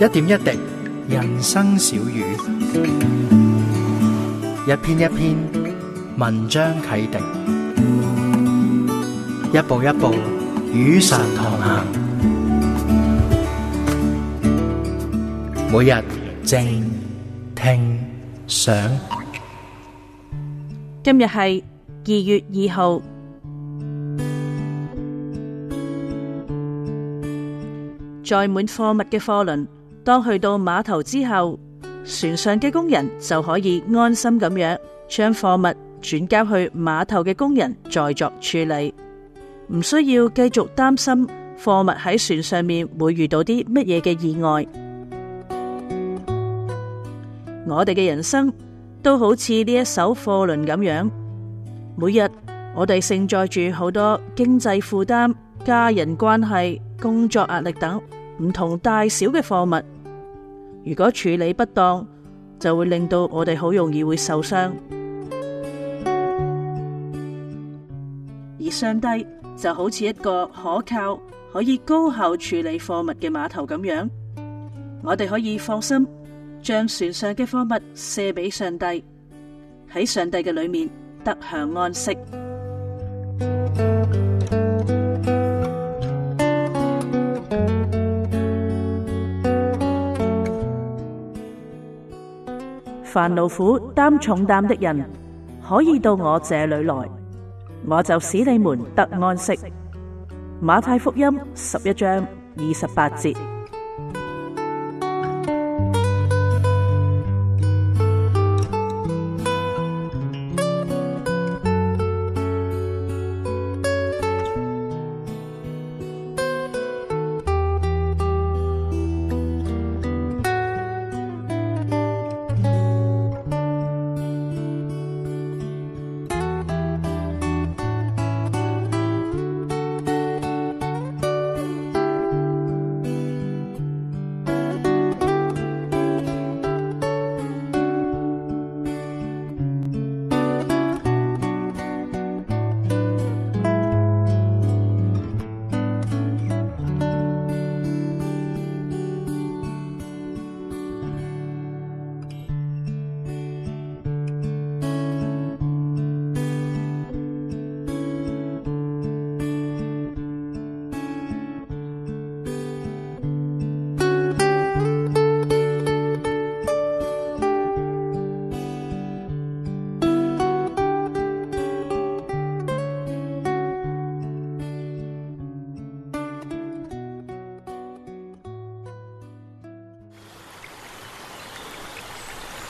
一點一滴，人生小語；一篇一篇，文章啟迪；一步一步，與神同行。每日靜聽想，今日係二月二號。載滿貨物嘅貨輪。當去到碼頭之後，船上嘅工人就可以安心咁樣將貨物轉交去碼頭嘅工人再作處理，唔需要繼續擔心貨物喺船上面會遇到啲乜嘢嘅意外。我哋嘅人生都好似呢一艘貨輪咁樣，每日我哋承載住好多經濟負擔、家人關係、工作壓力等唔同大小嘅貨物。如果處理不當，就會令到我哋好容易會受傷。而上帝就好似一個可靠、可以高效處理貨物嘅碼頭咁樣，我哋可以放心將船上嘅貨物卸畀上帝，喺上帝嘅裏面得享安息。凡勞苦擔重擔的人，可以到我這裏來，我就使你們得安息。馬太福音十一章二十八節。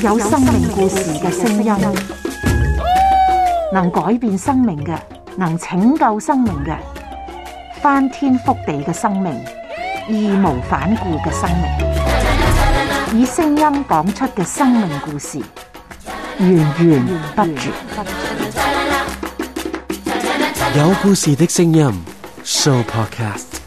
有生命故事嘅聲音，能改變生命嘅，能拯救生命嘅，翻天覆地嘅生命，義無反顧嘅生命，以聲音講出嘅生命故事，源源不絕。有故事嘅聲音，Sooo Podcast。